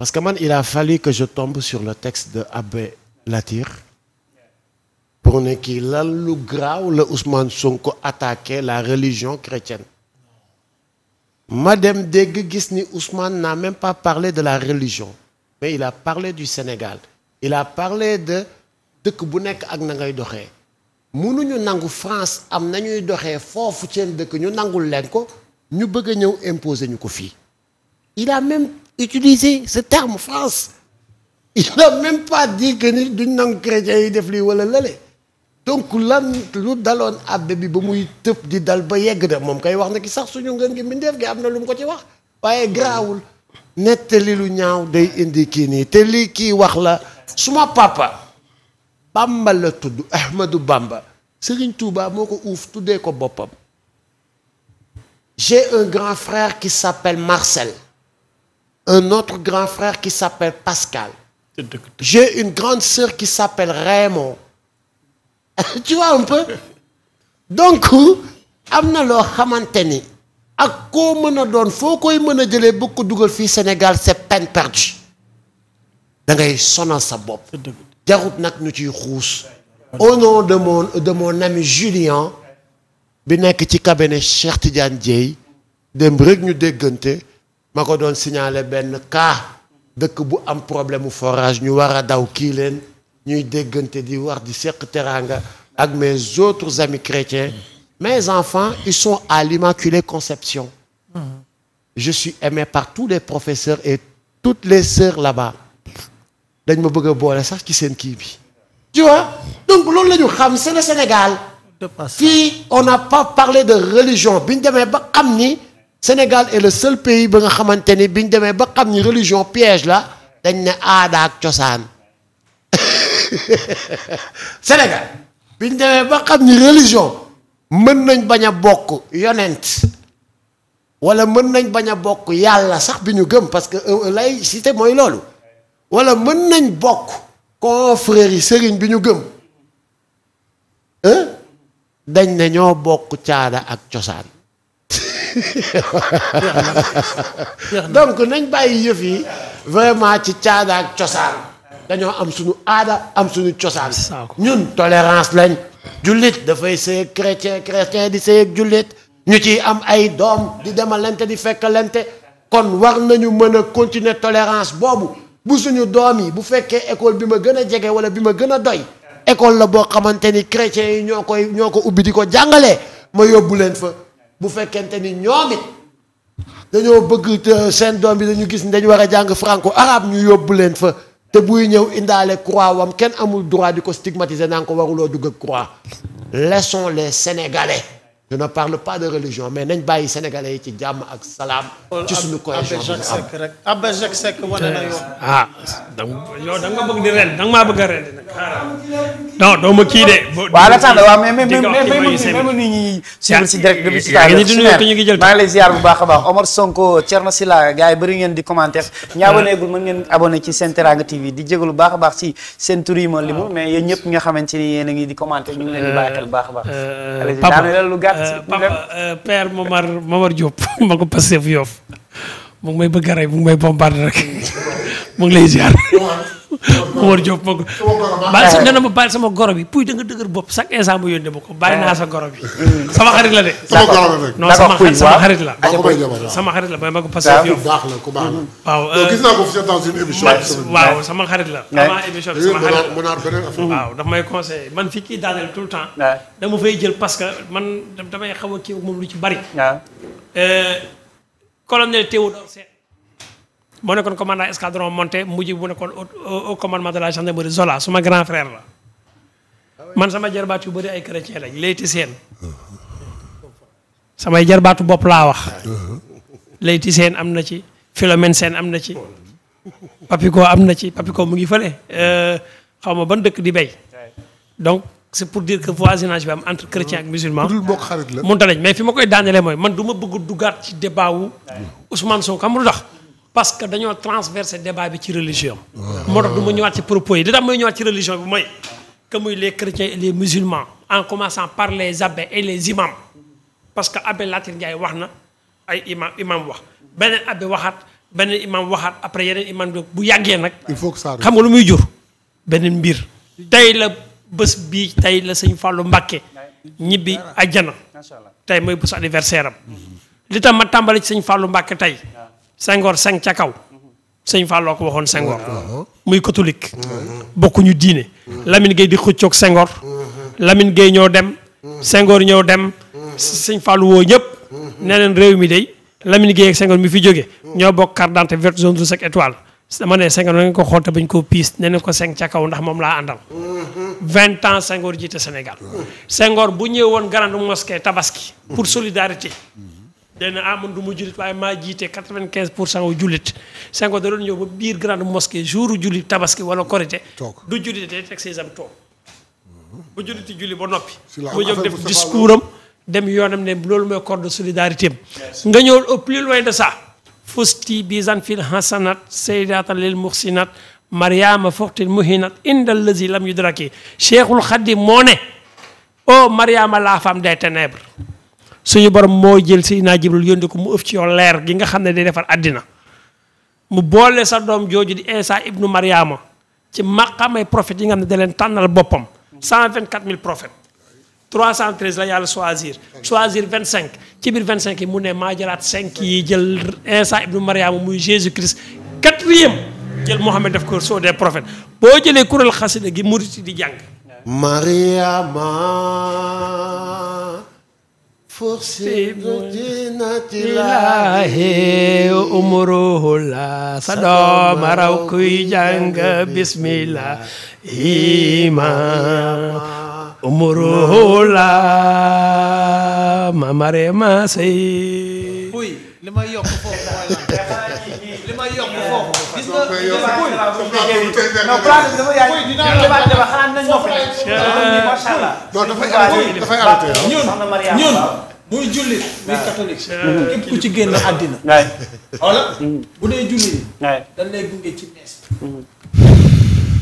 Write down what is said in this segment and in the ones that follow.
parce que man il a fallu que je tombe sur le texte de Abbé Latyr pour ne kii lan lu graaw la Ousmane Sonko attaqué la religion chrétienne ma dem dégg gis ni Ousmane n'a même pas parlé de la religion mais il a parlé du Sénégal il a parlé de dëkk bu nekk ak na ngay doxee mënuñu nangu France am nañuy doxee foofu seen dëkk ñu nangul leen ko ñu bëgg a ñëw imposé ñu ko fii il a même utiliser ce terme France il n'a même pas di que ni duñ nangu chrétiens yi def lii wala lële donc lan lu daloon abbe bi ba muy tëb di dal ba yegg da moom kay wax na ki sax suñu ngën gi mbindeef gi am na lu mu ko ci wax waaye garaawul nettali lu ñaaw day indi kii nii te lii kii wax la suma papa Bamba la tudd Ahmadou Bamba Serigne Touba moo ko uuf tuddee ko boppam j'ai un grand frère ki sappel Marcel un autre grand frère qui s'appelle Pascal. J'ai une grande sœur qui s'appelle Raymond. tu vois un peu donc am na loo xamante ni ak koo mën a doon foo koy mën a jëlee bëgg ko dugal fii Sénégal c'est peine perdue da sonal sa bopp jarut nag ñu ciy xuus au nom de mon ami Julien bi nekk ci cabinet Cheikh Tidiane Dieye dem rek ñu déggante ma ko doon signaler benn cas dëkk bu am problème mu forage ñu war a daw kii leen ñuy déggante di war di seq teraanga ak mes autres amis chrétiens mes enfants ils sont à l'Immaculée Conception je suis aimé par tous les professeurs et toutes les sœurs là-bas dañ ma bëgg a boole sax ci seen kii bi tu vois donc loolu la ñu c'est le Sénégal fii on n'a pas parlé de religion bi ñu demee ba xam ni Sénégal est le seul pays ba nga xamante ni biñ demee ba xam ñi religion piège la dañ ne aada ak cosaan Sénégal biñ demee ba xam ni religion mën nañ bañ a bokk yonent wala mën nañ bañ a bokk yàlla sax bi ñu gëm parce que euh, euh, laïcité mooy loolu wala mën nañ bokk confrères yi sëriñ bi ñu gëm dañ ne ñoo bokk caada ak cosaan donc nañ bàyyi yëf yi vraiment ci caada cosaan dañoo am suñu aada am suñu cosaan ñun tolerance lañ jullit dafay sëy ak chrétien chrétien di sëy ak jullit ñu ci am ay doom di demalante di fekkalante kon war nañu mën a continuer tolérance boobu bu suñu doom yi bu fekkee école bi ma gën a jege wala bi ma gën a doy école la boo xamante ni chrétiens yi ñoo koy ñoo ko ubbi di ko jàngalee ma yóbbu leen fa bu fekkente ni ñoom dañoo bëgg seen doom bi dañu gis ni dañu war a jàng franco arabe ñu yóbbu leen fa te buy ñëw indaale croix wam kenn amul droit di ko stigmatiser naa ko waruloo dugg ak croix laissons les sénégalais je ne parle pas de religion mais nañ bàyyi sénégalais yi ci jàmm ak salaam. ci suñu cohésion bi am Seck rek Abbé Jacques Seck wane na ah, yow. non doo ma kii de. waaw la tax na waaw mais mais mais même ñi suivre si direct bi si taal ñu ngi jël maa ngi lay ziar bu baax a baax Omar Sonko Thierno Sila gars yi bëri ngeen di commentaire ah. ñi aboneegul mën ngeen abonné ci Sen Teranga TV di jégalu baax a baax si seen tur yi ma ah. limu mais yéen ñëpp nga xamante ni yéen a ngi di commentaire ñu ngi leen di baaxal baax a baax euh, daanaka lu gàtt euh, papa euh, père Momar Momar Diop ma ko passé fu yoof mu ngi may bëgg a rey mu ngi may bombardé rek mu ngi lay ziar Omar Diop ma ko. baal sa nee na ma baal sama goro bi puy da nga dëgër bopp mm. sama xarit la de. sama xarit la. ba ma ko passé a moom lu ci bari. Euh, colonel Théodore moo nekkoon commandant escadron monté mujj bu nekkoon au commandement de la gendarmerie Zola suma grand frère la ah man sama jarbaat yu bari ay chrétien lañ layti seen samay jarbaatu bopp laa wax uh-huh. layti seen am na ci Philomène seen am na ci Papico am na ci Papico mu ngi fële euh, xaw ma ban dëkk di béy donc c' est pour dire que voisinage bi am entre chrétien ak musulman ta lañ mais fi ma koy daanelee mooy man du ma bëgg duggaat ci débat wu Ousmane Sonko parce que dañoo transversé débat bi ci religion. moo tax du ma ñëwaat ci propos yi li tax may ñëwaat ci religion bi mooy. que muy les chrétiens et les musulmans en commençant par les abbés et les imams parce que abbé Latir Ndiaye wax na ay imam imam wax beneen abbé waxaat beneen imam waxaat après yeneen imam bu yàggee nag. il faut que ça xam nga lu muy jur beneen mbir. tey la bés bii tey la sëñ fàllu Mbacké ñibbi àjjana tey mooy bésu anniversaire am li tax ma tàmbali ci sëñ Fallou Mbacké tey. Senghor seng ca kaw sëñ Falloo ko waxoon Senghor muy catholique mm-hmm. bokkuñu diine Lamine Gueye di xëccoog Senghor mm-hmm. Lamine Gueye ñoo dem mm-hmm. Senghor ñoo dem sëñ Fallou woo ñëpp ne leen réew mi day Lamine Gueye ak Senghor fi jóge ñoo bokk carte d'identité verte jaune rouge ak étoile dama ne Senghor ko xool te bañ koo piis ne ko seng ca kaw ndax moom laa àndal vingt ans Senghor jiite Sénégal Senghor bu ñëw woon grande tabaski pour solidarité day na ah man du ma jullit waaye maa jiite 95 pour cent wu jullit Senghor da doon ñëw ba biir grande mosquée jour jullit tabaski wala korité du jullit day teg ses am mhm. toog bu julliti julli ba noppi mu jóg def discours am dem yoonam ne loolu mooy corps de solidarité am nga ñëw au plus loin de ça fusti bisan fil hasanat saydatal lil muhsinat mariama foxtil muhinat indal lazi lam yudraki cheikhul xaddi moo ne oh mariama la femme suñu borom moo jël si Seydina Jibril yónni ko mu ëf ci yoon leer gi nga xam ne day defar àddina mu boole sa doom jooju di Isa ibnu Mariama ci maqamay profet yi nga xam ne da leen tànnal boppam 124000 prophètes 313 la yàlla soisir vingt cinq ci biir cinq yi mu ne maa jëlaat 5 yi jël Isa ibnu Mariama muy Jésus Christ quatrième jël Mohamed def ko soo des profet boo jëlee kuréel xasida gi mu di jàng Mariama فصيب دينة الله أمره لا صدام روكي جنگ بسم الله إيمان أمره لا ما مريم سي وي لما يوقفوا mais euh, ñun muy jullit muy catholique. Euh, képp ku ci génn àddina. wala mm. bu dee jullit. dañ lay gunge ci nees. Mm.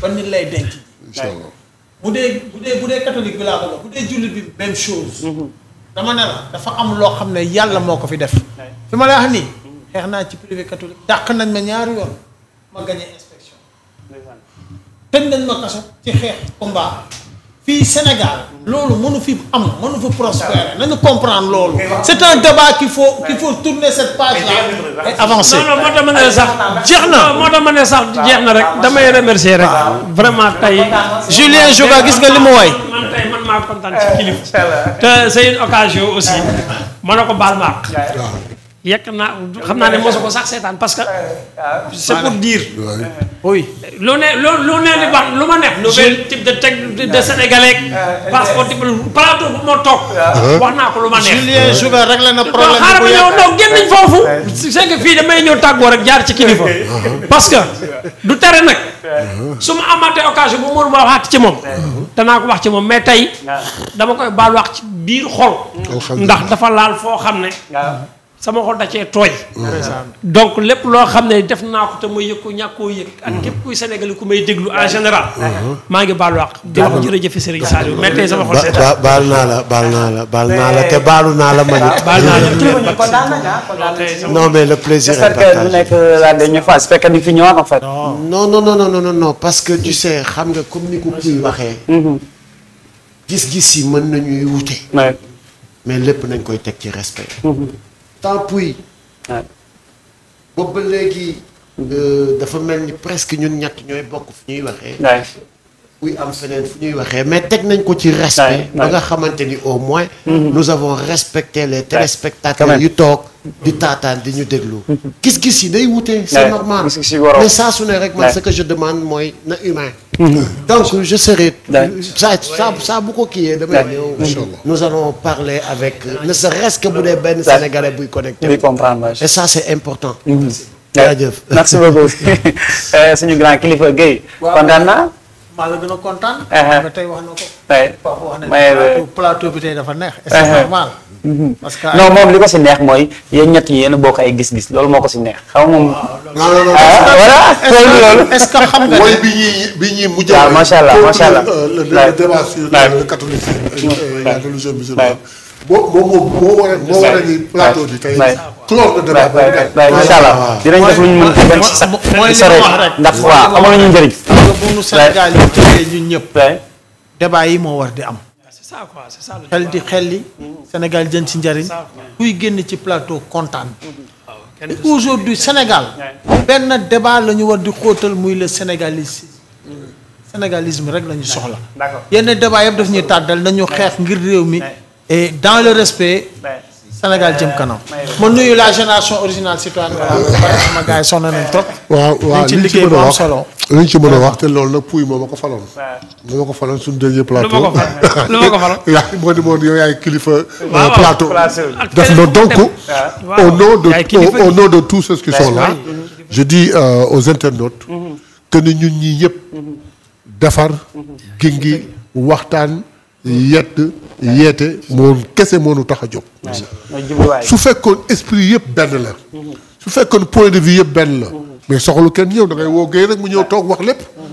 ban nit lay denc. incha bu dee bu dee bu dee catholique bi laa ko wax bu dee jullit bi même chose. Mm-hmm. dama ne dafa am loo xam ne yàlla moo ko fi def. fi ma lay wax nii. Mm. xeex naa ci privé catholique dàq nañ ma ñaari yoon. ma gagné inspection. tëj nañ ma kaso ci xeex combat fii Sénégal. loolu mënu fi am mënu fi prospérer nañu comprendre loolu. c'est un débat qu'il faut qu'il faut tourner cette page là et avancer. non non moo tax ma ne sax jeex na moo tax ma ne sax jeex na rek damay remercier rek. vraiment tey Julien Jouga gis nga li mu waay. man tey man maa kontaan ci kilifa. te c'est une occasion aussi. ma ne ko baal ma yàq naa xam naa ne mosu ko sax seetaan parce que. c'est pour dire. Euh, oui ne loo lu nee di wax lu ma neex. nouvel type de teg de sénégalais. passeport type plateau bu ma euh, naa ko lu na problème bu xaaral ñëw donc génn nañ foofu. c'est que ñëw tàggoo rek jaar ci kilifa. parce que du tere nag. su ma amaatee occasion bu mënu ma waxaat ci moom. danaa ko wax ci moom mais tey. dama koy baal wax ci biir xol. ndax dafa laal foo xam ne. sama xol da cee tooy. donc lépp loo xam ne def naa ko te ma yëg ko ñàkk koo yëg. ak mhm. képp kuy Sénégal ku may déglu en général. Mhm. Mhm. maa ngi baalu àq. di wax jërëjëf Serigne Saliou mettee sama xol seet. naa la baal naa la baal naa la te baalu naa la man it. baal naa ah, euh, fi ñëwaat parce que tu sais xam nga comme ni ko kuy waxee. gis-gis yi mën nañuy wute. mais lépp nañ koy teg ci respect. temps puy boobu ba léegi mm-hmm. euh, dafa mel ni presque ñun ñett ñooy bokk fu ñuy waxee buy am feneen fu ñuy waxee mais teg nañ ko ci respect ba nga xamante ni au moins mm-hmm. nous avons respecté les téléspectateurs yu toog di taataan di ñu déglu. gis-gis yi day wutee c'est normal mais saa su ne rek ce que je demande mooy na humain. Mhm. donc je serai. saa saa saa bu ko kiiyee damay ñëw. nous allons parler avec ne serait que bu dee benn sénégalais buy connecté. buy comprendre et ça c'est important. Mhm. jaajëf merci beaucoup euh, suñu grand kilifa Guèye. kontaan naa. maa la gën a kontaan. tey wax na ko. tey wax na euh, plateau bi tey dafa neex. c'est normal. parce que non moom li ko si neex mooy yéen ñett ñi yéen a bokk ay gis-gis loolu moo ko si neex xam moom. non non nga bi ñuy macha allah macha allah a moo war de débat boobu allah dinañ def lu ñu mën a ci ndax waaw amoon ñëpp. débat yi moo war di am. ça quoi c'est ça xel di xelli Sénégal jën ci njariñ kuy génn ci plateau kontaan ah, et aujourd'hui Sénégal benn débat lañu ñu war di xóotal muy le sénégalisme mm. rek la ñu soxla yenn débat yëpp daf ñuy tàddal nañu xeex ngir réew mi dans le respect Sénégal jëm kanam. ma nuyu la génération originale citoyenne. waaw sama ñu ci mën a wax li ñu ci mën wax te loolu nag puy moo ma ko faloon. waaw moo ma ko faloon suñu dernier plateau. lu ma ko fal lu ma ko moo di moo yaay kilifa. Euh, plateau def na donc. au nom de au nom de tous ceux qui sont là. je euh, aux internautes. Mhm. que ñun ñii ñëpp. Mhm. defar. Mhm. gingi waxtaan. yedd yeete moo kese moonu tax a jóg su fekkoon esprit yëpp benn la mm-hmm. su fekkoon point de vue yëpp benn la mm-hmm. mais soxlu kenn yow da ngay woo géey rek mu ñëw toog wax lépp mm-hmm.